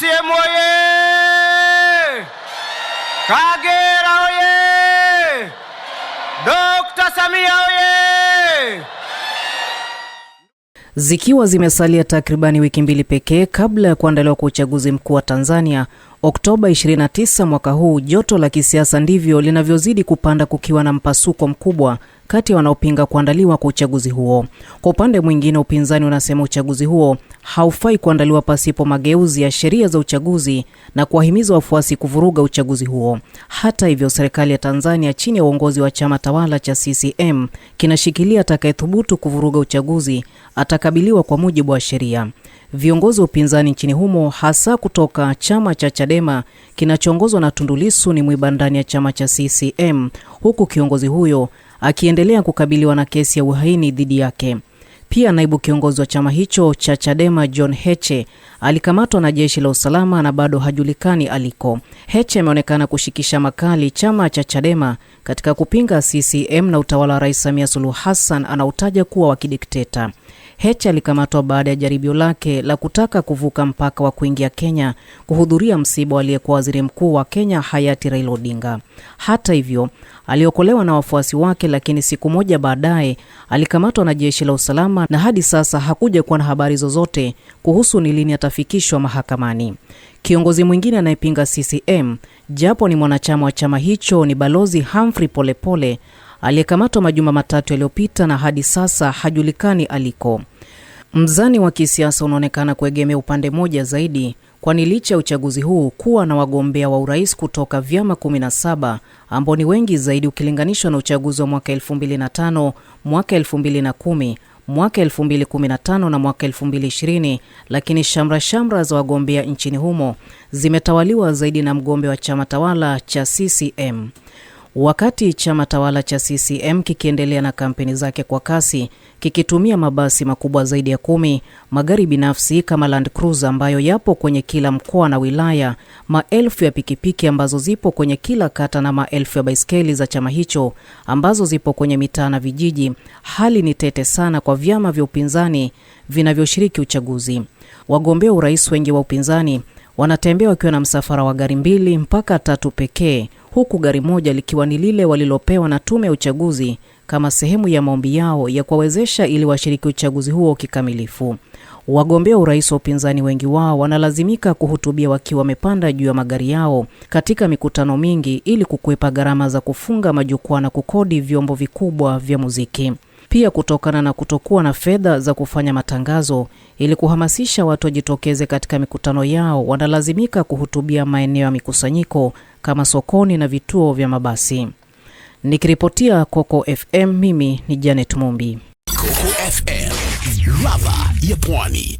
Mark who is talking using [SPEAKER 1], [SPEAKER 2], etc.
[SPEAKER 1] CCM oye! Kagera oye! Dr. Samia oye!
[SPEAKER 2] Zikiwa zimesalia takribani wiki mbili pekee kabla ya kuandaliwa kwa uchaguzi mkuu wa Tanzania, Oktoba 29 mwaka huu, joto la kisiasa ndivyo linavyozidi kupanda, kukiwa na mpasuko mkubwa kati ya wanaopinga kuandaliwa kwa uchaguzi huo. Kwa upande mwingine, upinzani unasema uchaguzi huo haufai kuandaliwa pasipo mageuzi ya sheria za uchaguzi na kuwahimiza wafuasi kuvuruga uchaguzi huo. Hata hivyo, serikali ya Tanzania chini ya uongozi wa chama tawala cha CCM kinashikilia atakayethubutu kuvuruga uchaguzi atakabiliwa kwa mujibu wa sheria. Viongozi wa upinzani nchini humo hasa kutoka chama cha Chadema kinachoongozwa na tundulisu ni mwiba ndani ya chama cha CCM, huku kiongozi huyo akiendelea kukabiliwa na kesi ya uhaini dhidi yake. Pia naibu kiongozi wa chama hicho cha Chadema John Heche alikamatwa na jeshi la usalama na bado hajulikani aliko. Heche ameonekana kushikisha makali chama cha Chadema katika kupinga CCM na utawala wa Rais Samia Suluhu Hassan anautaja kuwa wa kidikteta. Heche alikamatwa baada ya jaribio lake la kutaka kuvuka mpaka wa kuingia Kenya kuhudhuria msiba aliyekuwa waziri mkuu wa Kenya hayati Raila Odinga. Hata hivyo, aliokolewa na wafuasi wake, lakini siku moja baadaye alikamatwa na jeshi la usalama, na hadi sasa hakuja kuwa na habari zozote kuhusu ni lini atafikishwa mahakamani. Kiongozi mwingine anayepinga CCM japo ni mwanachama wa chama hicho ni Balozi Humphrey Polepole aliyekamatwa majuma matatu yaliyopita na hadi sasa hajulikani aliko. Mzani wa kisiasa unaonekana kuegemea upande mmoja zaidi, kwani licha ya uchaguzi huu kuwa na wagombea wa urais kutoka vyama 17 ambao ni wengi zaidi ukilinganishwa na uchaguzi wa mwaka 2005, mwaka 2010 mwaka 2015 na mwaka 2020, lakini shamra shamra za wagombea nchini humo zimetawaliwa zaidi na mgombea wa chama tawala cha CCM. Wakati chama tawala cha CCM kikiendelea na kampeni zake kwa kasi, kikitumia mabasi makubwa zaidi ya kumi, magari binafsi kama Land Cruiser ambayo yapo kwenye kila mkoa na wilaya, maelfu ya pikipiki ambazo zipo kwenye kila kata na maelfu ya baiskeli za chama hicho ambazo zipo kwenye mitaa na vijiji, hali ni tete sana kwa vyama vya upinzani vinavyoshiriki uchaguzi. Wagombea urais wengi wa upinzani wanatembea wakiwa na msafara wa gari mbili mpaka tatu pekee, huku gari moja likiwa ni lile walilopewa na Tume ya Uchaguzi kama sehemu ya maombi yao ya kuwawezesha ili washiriki uchaguzi huo kikamilifu. Wagombea urais wa upinzani wengi wao wanalazimika kuhutubia wakiwa wamepanda juu ya magari yao katika mikutano mingi ili kukwepa gharama za kufunga majukwaa na kukodi vyombo vikubwa vya muziki pia kutokana na kutokuwa na fedha za kufanya matangazo ili kuhamasisha watu wajitokeze katika mikutano yao, wanalazimika kuhutubia maeneo ya mikusanyiko kama sokoni na vituo vya mabasi. Nikiripotia Coco FM, mimi ni Janet Mumbi, Coco FM, ladha ya Pwani.